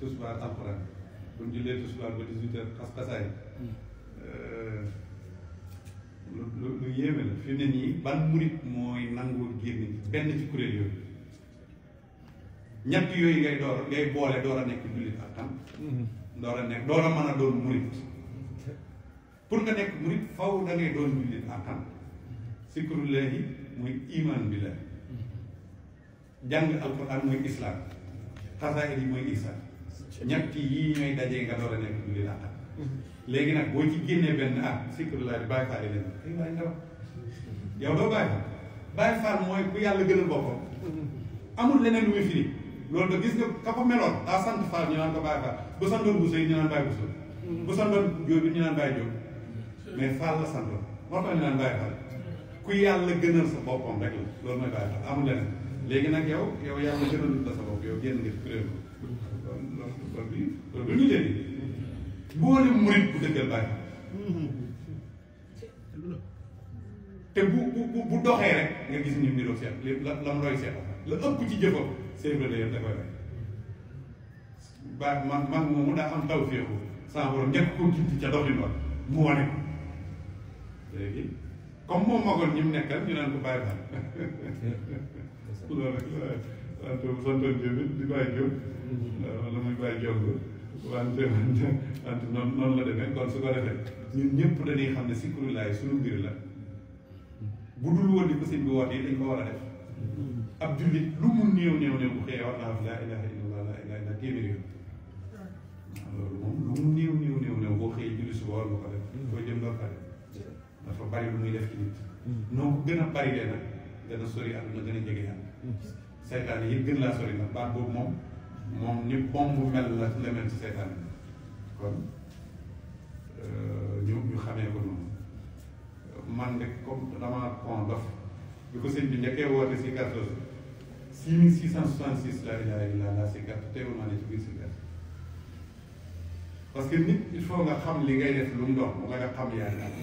tusbaar alxuraan bu ñu jullee tusbaar ba dix kasai heures xas-xasaay lu lu lu la fi mu ne nii ban murit mooy nangoo génn benn ci kuréel ya yooyu ñett yooyu ngay door ngay boole ya, door nek nekk jullit ak tam hmm. door a nekk door a mën doon pour nga da ngay doon ak tam sikrullahi iman bi la hmm. alquran mooy islam kasai di mooy islam ñetti yii ñooy dajee nga door a nekk jullit atam léegi nag boo ci génnee benn at sikirulaay bi bàyyi faale leen ay ndaw yow doo bàyyi faal bàyyi faal mooy ku yàlla gënal boppam amul leneen lu muy firi loolu da gis nga ka ko meloon daa sant faal ñu naan ko bàyyi faal bu sandoon buso yi ñu naan bàyyi buso bu sandoon jóob ñu naan bàyyi jóob mais faal la sandoon moo tax ñu naan bàyyi faal ku yàlla gënal sa boppam rek la loolu mooy bàyyi faal amul leneen léegi nag yow yow yaa ngi gënalul la sa bopp yow génn nga ci kuréel ko loolu bi loolu bi ñu leen boole murit bu dëggal bàyyi te bu bu bu doxee rek nga gis ñu niroo seet li la la mu doy seet la ëpp ci jëfam séeréer la yëpp da koy rek baax man man moomu daa am taw féexu saa borom njëkk ko gindi ca doxin wa mu wane comme moom magoon ñi mu nekkal ñu naan ko bàyyi baal loolu rek wante santoon jóobit di bàyyi jóob wala muy bàyyi jóob wante wante wante noonu noonu la demee kon su ko defee ñun ñëpp dañuy xam ne sikru laay suñu mbir la bu dul woon di ko bi woote yi dañ ko war a def mm-hmm. ab jullit lu mu néew bu xëyee wax naa la ilaha illallah la ilaha illallah téeméeri yoon bari lu muy def ci nit mm-hmm. noo ko gën bari lee nag gën sori àdduna gën gëna jege yàlla mm-hmm. seytaane yëpp gën laa sori nag baat boobu mom moom ni bombu mel la la mel ci seytaane kon euh ñu ñu xamé ko noonu man de comme dama pon dof bi ko seen bi njëkkee woote ci carte six mille six cent soixante six laa carte teewul maa ne ci biir si parce que nit il faut nga xam li ngay def lu mu doon nga nga xam yaa